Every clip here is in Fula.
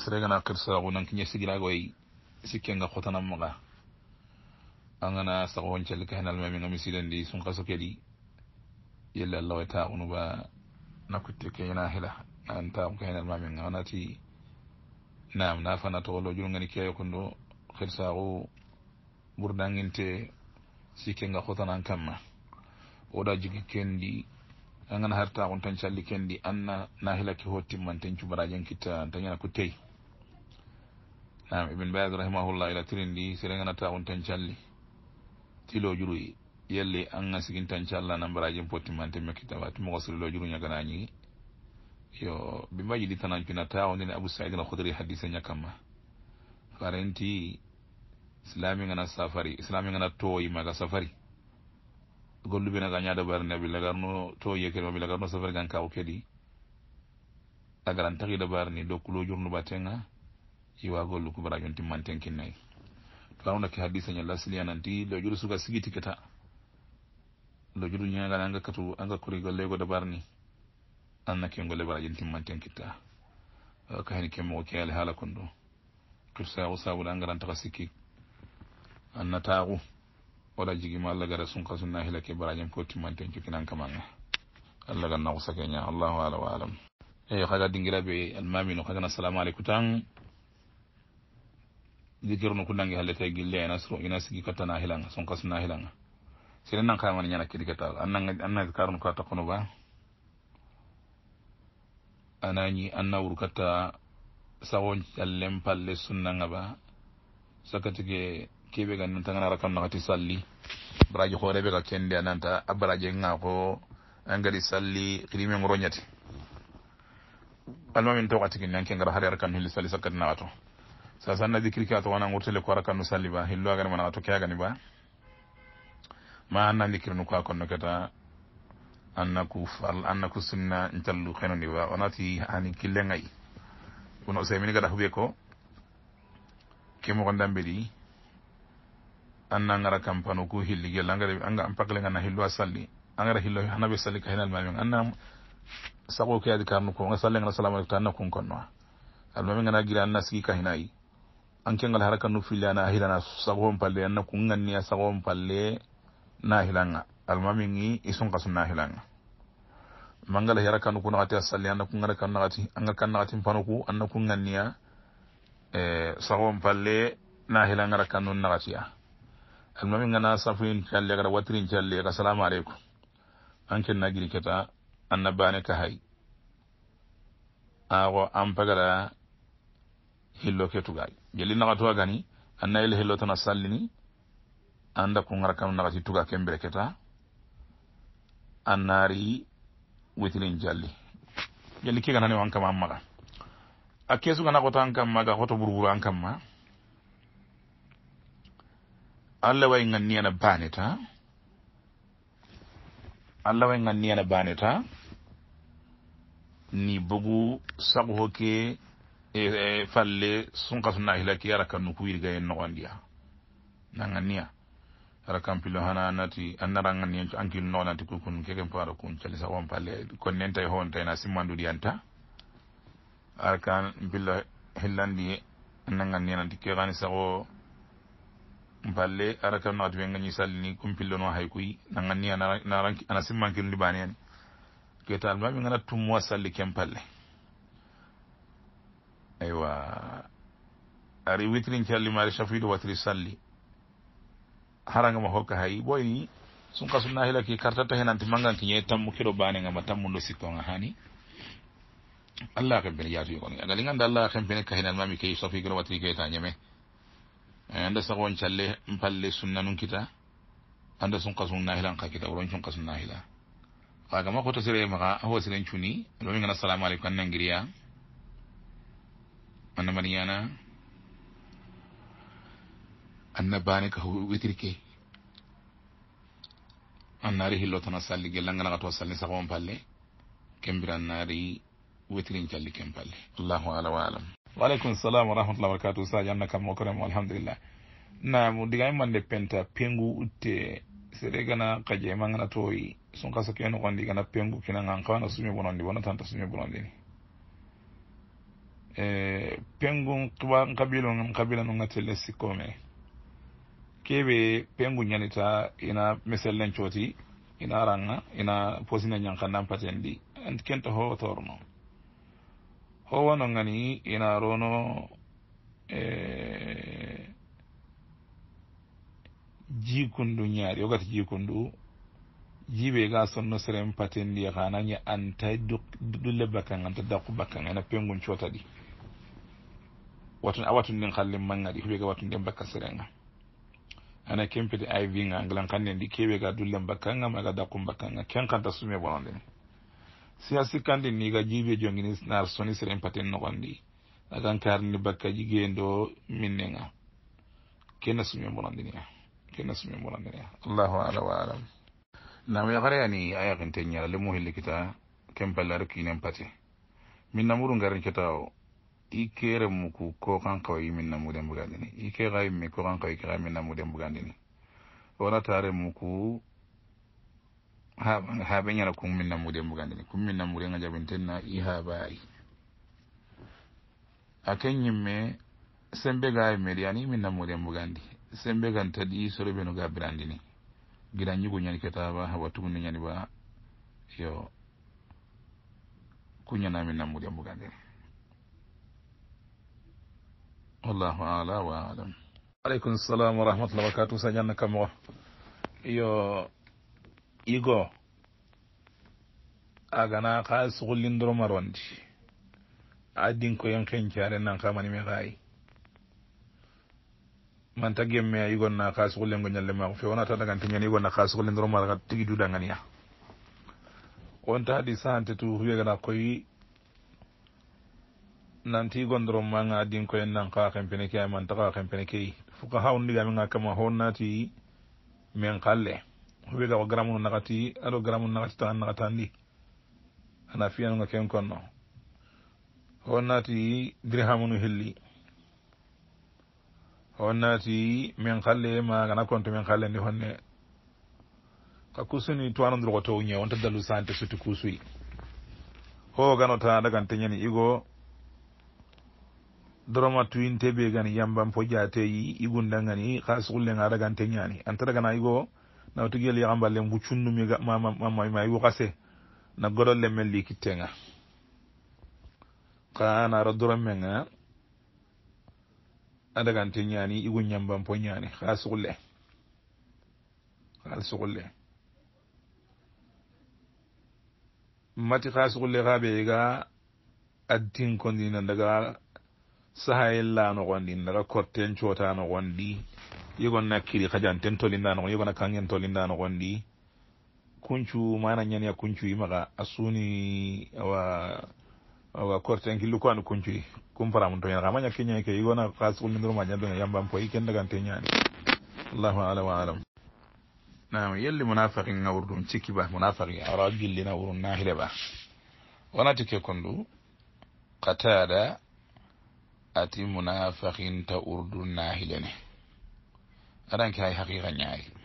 sregana kirsoxunan kiñe sigilagoy sikkenga xotanamaxa angana saxoxoncel kahenalmaminga misidandi sunqa sokedi yelle allaxoy taxunuba nakutte ke yena xila nan taxu kahenalmaminga anati nam nafana toxolo julungani ke yokundo xirsaxu ɓurdanginte sikkenga xotanan kamma oɗa jigi kendi angana har taxuntan calli kendi anna na xila ke hotimman ten cubaraƴen kitta tañana kuttey nam ibn bas rahimahullah ila tirindi sirenganata on tan calli tilo juruyi yelli an ga sigin tan calla nambarajin pottimante mekkitawa tumogo sirilo juru ñaganañigi yo ɓe mbajidi tanancuna taawndini Abu said al khudri hadise ñakamma farenti islami ngana safari islami ngana tooyi maga safari golluɓe naga ñaada barne aɓe lagarno tooye kedi maɓe lagarno safari gan kaw kedi agaran taxida barni do kulo jurnu batenga iwagollu kubara yon timmantenkin nayyi to aruna ke hadise ñalla siliyananti lojuru suga sigitiketa lojuru ñagal anga katu anga korigo leygo dabar ni anna kengo le baraje timmantenkitta eh, kahen kemmogo keale haala kon do kirsaago sabude angarantaka sikki anna taaku oɗa jigima allah gara sunka sunna hilake barajen ko timmantenkikinan kamaga allah gannaku sakeña allahu ala wa alam eyi eh, kaga dingira be almamino kagana salamu aleykum tan jikiru nu ku nangi halle te gille ena sro ina sigi katta na hilanga son kas na hilanga sene nan kaya mani nyana kidi ke tal anna nga anna karun ka ta kono ba ana ni anna wuru katta sawon jallem palle sunna nga ba sakati ke kebe ga nan tangana rakam na ti salli braji hore be ga kende ananta abraje nga ko angali salli kirimi ngoro nyati alma min to katikin nyanke ngara hari arkan hilli salli sakati na wato sa sanna dicri ka to wona gurtele kora kannu salli ba hilloagani mana a tokkeagani ba ma anna dicri nu ka konno keta anna ku fal anna ku sunna ncallu henondi ba onati hani kille gayi kono o semini gada huɓe ko kemoko dambe ɗi anna gara campano ku hilligel angara anga ampakle ganna hillo a salli angara hillo hanaɓe salli ka henal mami anna sago ke adi karnu ko nga salle gana salamu alekta anna kun konnoa almami gana giri anna sigi ka hinayi an kengal hara ka nufilli ana hilana sagoon palle anna kun ganniya sagoon palle na hilanga almamingi isun kasu na hilanga mangal hara ka nuku nakati asalli anna kun gara kan nakati angal kan nakati panuku anna kun ganniya e, sagoon palle na hilanga ra kan nun nakatiya almamin gana safuin challe gara watirin challe ka salamu alaikum an kenna giri keta anna bane ka hay awo an pagara hillo ketugay jeli naxa tuga gani anna yel hillo tana sallini anda kungara kam naxati tuga kembere keta annaari witirin jalli jalli ke ganani wan kama an maxa a kesu gana xota an kamma ga xoto burburu an kamma allah way nganniyana baneta allah way nganniyana baneta ni bugu sago hoke E, e, falle sunkasuna hilaki arakanu kuwirgaye nogondiya nanganiya arakampilo hana nati anarangania ankilu nogonanti kukun keken pora kun calisa on palle konnentay hontayna simmanduɗiyanta arakampilo hillandi nangania nanti kekani sago palle arakam nogati ɓe gañi sallini kumpillo no hay kuy nangania naranki ana simmankilundi baniyani ke talmaɓe gana tummowa salli ken palle eywa ari witrin calli mari chafiɗo watri salli haragama hokka hayi ɓoyni sunka sunna hilaki kartata henanti maggan ki ñee tammu keɗo banegama tammudo sikkoga hani allah kempene yatuyi kon agali ganda allah kempene kahinan mami kei sofikeɗo watri keyta ñeme e, anda sagon calle palle sunna nun kita anda sunka sunna hilan ka kita woron cunka sunna hila kagama kotosire maga a hosiren cuni lomi gana salamu aleykum annangiriya wanna mariana anna bane ka wetirke annaari hillo tona salli gellanganaga to salli sagoon palle kembira annaari wetirin calli ken palle allahu ala wa alam waaleykum salam warahmatullah wabarakatu sadio anna kam mokoremo alhamdulillah namu digami mande penta pengu utte sere gana kajema gana toyi sunkasa kenogondi gana pengu kinanga nkawana sumi bonondi wona tanta sumi bonondini e pengun tuba kabilo kabila nu gatte lesti kome keɓe pengu ñanita ina mesel len cooti ina ranga ina posina ñankandan paten ɗi ant kenta howo torno howono gani ina rono e jikundu ñaari yogata jikundu jiɓe ga sonno seren patendi hanañe antay ɗulle bakkan anta e daqu bakkan ena pengun cootaɗi watun a watu nden halle maggaɗi huɓe ga watunden bakka serenga ana kempete ivga gilan kannen ɗi keɓe ga dulle bakkanga maga daqu bakkanga kenkanta sume bononden si a sikkanɗi niga jiɓe jongini nar soni seren paten nogonɗi agan karni bakka jigeendo minnenga kena sumen bonandinia kena sumen bonandinia e. e. allahu ala wa alam nami yakarayani ayakinte ñala le muhilli kita kempellaro kinen pate min namudu ngarinketa o i kere mu ku kokankawa yi min namuden bugandini i ke xa yimmi kokankawa ike xa min namuden bugandini ona tare mu ku haɓe ñana kun min namuden bugandini kun min namuden a jabinten na i haɓa ayi a ken ñimme sembe ga yimmedi ani min namuden bugandi sembe ganta di i soroɓenu ga birandini gida ñugo ñani ketaba hawa tumni ñani ba yo kuñanami nammude ambugandeni wallahu ala wa alam aleykum salam wa rahmatullah wabarakatu sañanna kam o yo igo agana ka sugullindoromarondi a dinkoyen kencare nan kamani me kaayi man tagiyem me a yigonna kasugolengo ñalle maako fewona tanagan teñani yigonna kasugole ndoromaraga tigi dudangan ya on taaɗi sante tu wiyegana koyi nanti gondorom maga adin koyen nan ka kempene ke a man taka kempene keyi fuka hawon ndigamiga kama ho naati men kalle wiyega ko garamuno nakati aɗo garamuno nakati tagan nakatandi ana fiyanuga ken konno ho naati dirhamunu helli onnati min halle ma gana konto min halle ndi honne ka kusuni twanodir ko tow ñe wonta dallu sante sutti kusuy ho ganota dagante ñani igo doroma tuyin tebe gani yambam pojateyi igunda gani ka sugulle ga dagante ñani anta dagana igo nawtigel yakamballe mbuccunnumi mama yukase na godolle melli kittenga ka naro doromme nga adagante ñaani igu ñambam po ñaani xaalisugulle xaalisugulle mati xaalisugulle xa ɓe ga ad tinkondina daga sahaye lanoxondi daga korten cotanoxondi yegon na kiri xajanten tolindanoxondi yegona kangen tolindanoxondi kuncu mana ñaniya kuncu i maxa a suni awa wa korten killu ko andu kuncuy kumparamun toñen xama ñak keñe ke yigona xas ul nindro ma ñaduna yambam poy ken dagan te ñani allahu ala wa alam naam yelli munafiqi ngawru dum cikki ba munafiqi ara billi na wurun nahire ba wonati ke kondu qatada ati munafiqin ta urdu nahilene adan ke hay haqiqa ñayi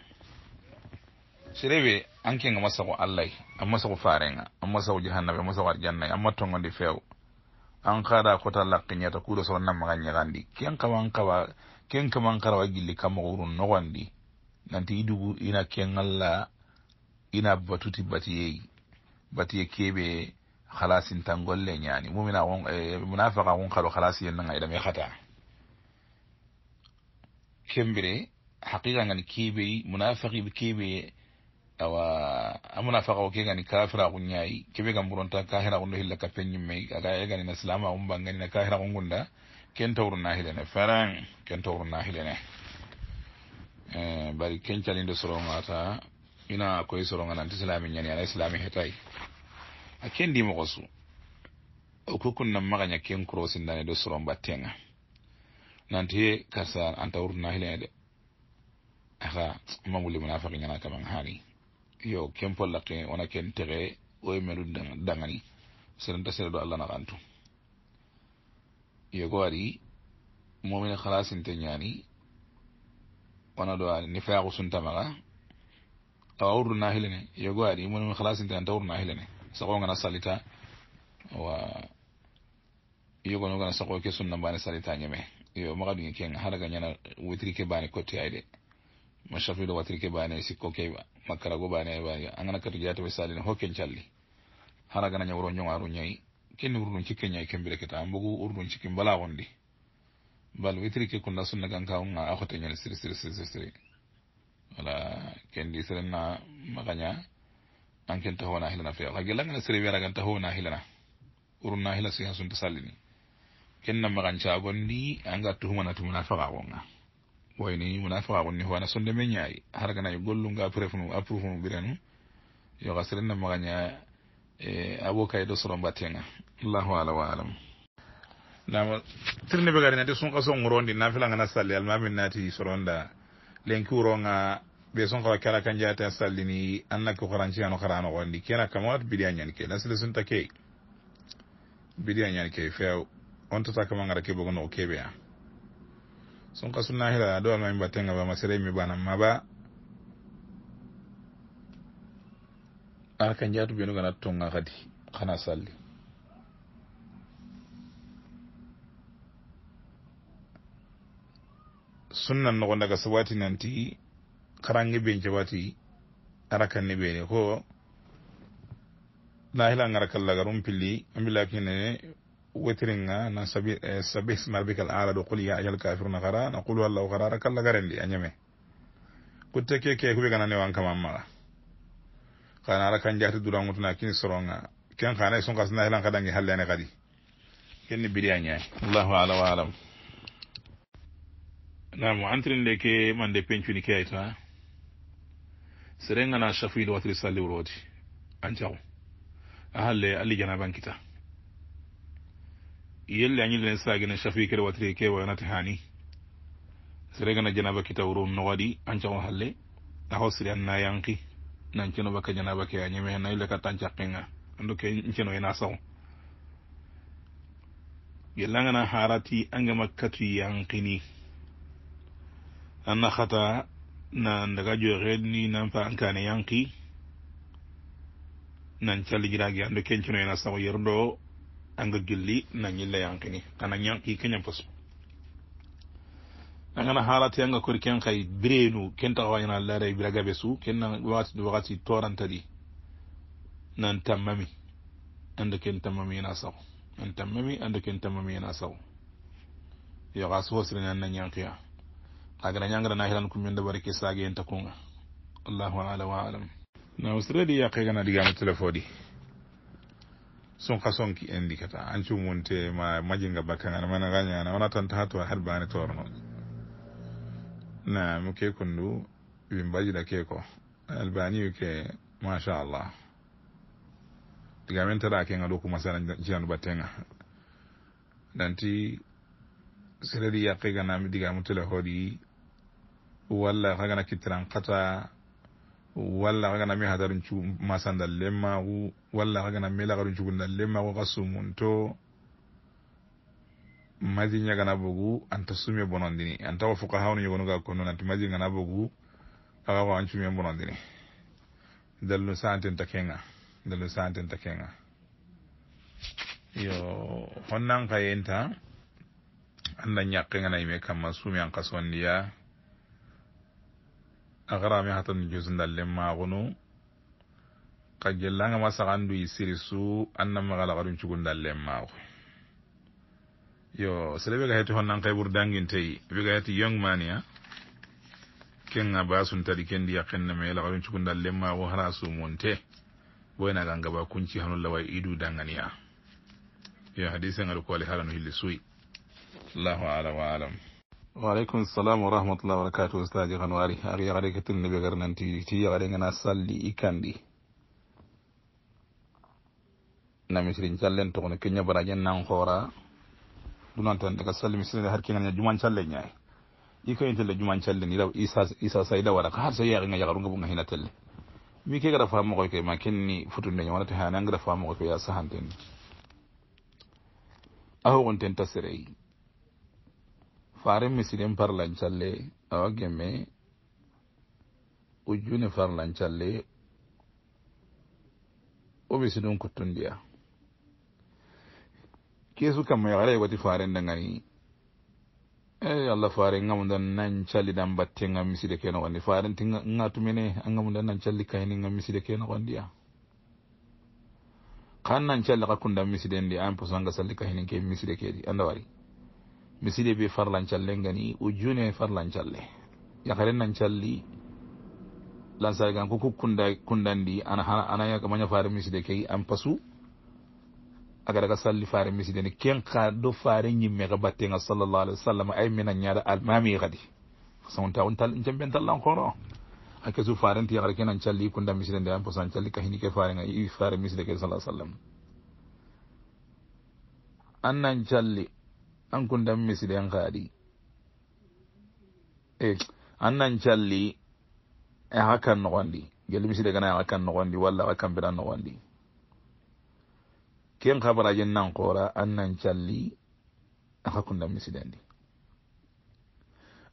sereewe ankenga masago allahy amma sago farenga amma sago jahannabe amma sago arjannayi amma tongondi few an kaɗa kota lakkiñata kuuɗa sago nammaga ñagandi ken kawa an kawa ken kama an karawa gilli kammago urum nogondi nanti idugu ina ken alla ina batuti batiyeyi batiye keɓe halasintan golle ñaani mumina on e, munafaka kun kaɗo halasiye naga idame hata kembire haqiqa ngani keɓeyi munafaki keɓeye awa amuna faka o ni kafira kunyai kebe gam buronta kahira kundo hilla kapenyi mai aga egani ni salama umba ngani na kahira kungunda kenta uruna hilene faran kenta uruna hilene eh bari kencha lindo soronga ta ina koy soronga nan tislami nyani ala islami hetai akendi mo kosu okukun nan maganya ken krosin dane do soron battenga nanti kasa anta uruna hilene de aha mamuli munafiki ngana kaman hari yo kempollake wona ken texe oyemelu dangani serenta seredo allah naxantu yego ari momine xalasinte ñani wona do nifaaxu suntamaxa awa wurdu naxilene yego ari momine xalasinte anta wurdu naxilene saxongana salita wa yogonogana saxo ke sunna mbane salita ñeme yo maxaduge kenga xaraga ñana watri ke bane cote ay de ma chafi do watri ke bane sikko keyba makkara gobaani e waawi angana kadi jeyata ɓe saali ne hokken calli hara gana ñawro ñoŋ aru ñayi kenni wurɗum cikke ñayi kembire keta mbogu wurɗum cikke mbala wondi mbal witiri ke kunda sunna ganka wa axote ñane siri siri siri siri wala kendi serenna makaña an ken tahona hilana fe ha gellangana sere wiyata gan tahona hilana wurum na hila si ha sunta sallini kennam makancagondi anga tuhumana tumana faga gonga woyni wona fawagonni howana sonde men ñaayi har ganaji e gollum ga prefnu approuvenu ɓirenu yoga serenna magaña e abo kayi e ɗo soro mbattenga allahu ala wa alam nama sirni ɓe gadi nati sunka so wurondi na filagana salli almamin naati soronda lenki wuronga ɓe sunkaro kala ka jeyata sallini annaki horanci hano harano gondi kena kamat bidi a ñan key nasile sunta key bidi a ñan key few on tata kamangara ke bogonoo keɓe a sunka sunna hila a dowa mami batte ngaba masere mi bana maba aka njatu benu gana tonga kadi kana salli sunnan nogo daga sabati nanti karange ben jabati arakan ni bene ko nahila ngarakal daga rumpili ambilakinene wetiriga na sabi eh, sabis marbika l ala ɗo qul ya ayal kafiruna gara na qulu allahu garara kalla garendi a ñeme kutte ke ke kuɓe gana newan kamam mala kana ala kan jati durangutuna kini soronga ken kana sun kasina helan kadangi hallene kadi kenni biri a ñay allahu ala wa alam nam antirin de ke mande pencuni ke ayta serengana safuyide watiri salli wuroti an cago a halle alli janaban kita yelle añilene sagene safikere watire kewa yonata e hani seregana janaba kitawrum nowaɗi ancao halle ahosiri an nayanki nanceno bakka janaba ke añeme hen nayle katta ancakkinga anduke nceno ena sawo yellagana harati angemakkatu yankini anna hata na daga joxeni nanfa ankane yanki nan calijiragi anduke nceno ena sawo yerdoo anga julli nañi la yankini kana ñanki kenyam fas angana halate anga kori ken kay birenu ken taxa wañana laray bira gabe su ken na wakati wakati toranta di nan tamami anda ken tamami na saw nan tamami anda ken tamami na saw yo ga so sirina nan ñankiya agana ñangara na hilan kum men da barke sage en takunga allahu ala wa alam na usredi ya kegana digamo telefodi sonka sonki indi kata ancum wonte ma majinga bakkan ana mana gañana wona tanta hato haɗ bani torno nami ke kon du wi mbajiɗa ke ko albani wi ke machallah diga min taɗa kenga ɗo ko masala jiyanu battenga danti sereɗi yaqiganami digamu téléhoɗi walla kagana kittiran kata walla xa gana me hadarun cugu masandal lemmaxu walla xa gana me laxarun cugundal lemmaxu xa sumunto madi ñagana bogu anta sume bonondini anta xo fuka xawnu ñogonuga konno nanti madi ngana bugu axa xo an cume bonondini dallu santen takenga kenga dallu santen takenga yo honnan xayenta anda ñakke ngana yime kam masumi an kasondiya a xarami xa tan jusundallemaxunu xa gellangama saxandu i sirisu anna maxalaxadun cugundallemaxu yo sele ɓega xeti xon nanxe ɓurdanguintei ɓega xeti young mania kenga basun tadi ken ndi yaqenna me laxadun cugundallemaxu xana sumun te boyenaga ngaba kunci xanu laway idu dangania yo hadisengaɗu koale xalanu hilli suy allahu ala wa alam waaleykum salam wa rahmatullah wabarakatu ustaji hanwari ar yagade ke tirne ɓe garnanti ti yagade gana salli i kandi nami sirin callen togono keña banaje nanhoora ɗunantande ka salli mi sirde har kegana juman calle ñaay i kayintelle juman callen ira isa sayda waɗa ka har so yaaginga yagarunga ɓunga hina telle mi ke gara famoxoy ke ma kenni futundeño wonata hane angara famoxoy ke ya sahantenni ahogon ten ta sereyi fare misirin farlancalle a wageme ujuni farlancalle o misidun kuttundiya kesu kamma yagara yegoti faren dangani ey eh, allah fare ngamuda nancalli dan batte nga miside ke nogondi farenti ngatumene angamuda nancalli kayni nga miside ke nogondiya kan nancalli ka kunda misidendi an posanga salli kahininke miside kedi andawari miside be challe ngani ujune ya kharen nan sa gan ko kunda kundandi ana anaya kamanya fare miside kei an pasu aga daga salli fare miside ne ken kha do fare me ga nga sallallahu alaihi wasallam ay mina nyaada mami gadi ta on tal ben tal lan koro ake su faren tiyar kenan challi kunda miside ndan pasu calli challi kahini ke fare ngai fare miside ke sallallahu alaihi wasallam annan calli an kundan misiden gari eh an nan challi a e hakan no wandi gelu misi daga na e hakan no wandi walla e hakan bidan no wandi ken khabara jin nan qora an nan challi a hakun dan misiden di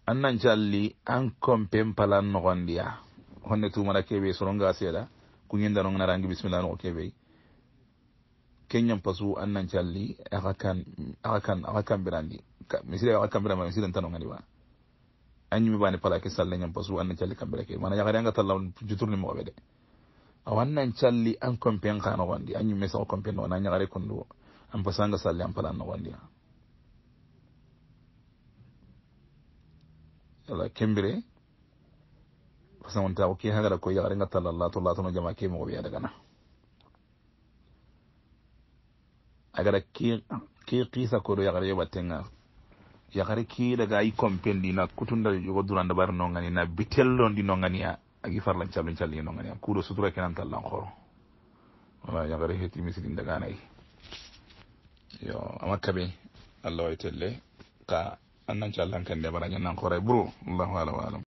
an nan challi an kompen palan no wandi ya honne tu mara kebe soronga seda kunyin daron na rangi bismillah no kebe okay, keñam pasu annan calli akakan akakan akakambirandi misiri akakambirama misiri tano ngani wa añumi bani palake salle ñam pasu annan calli kambirake mana yakarianga talla juturni moɓe de awannan calli an compen ka nogondi añumi sao compen noona ñakare kondu an pasanga salle an palan nogondi ala kembire par ce que wonta ko ke hagara ko yakarenga talla latolatono jama ke mogoɓeya dagana agara ke kiisa koro yagare yoɓatenga yagare kiidaga ayi compendi na kutunda yogo duranda bar nongani na bitellondi nonganiya agi farlancalin calli nonganiya kuuɗo sutura kenan tallan xoro wala yagare heti misidin daganayi yo ama kabe allah wayi telle ka annancallankandi abaraña nan xoray bro allahu ala wa alam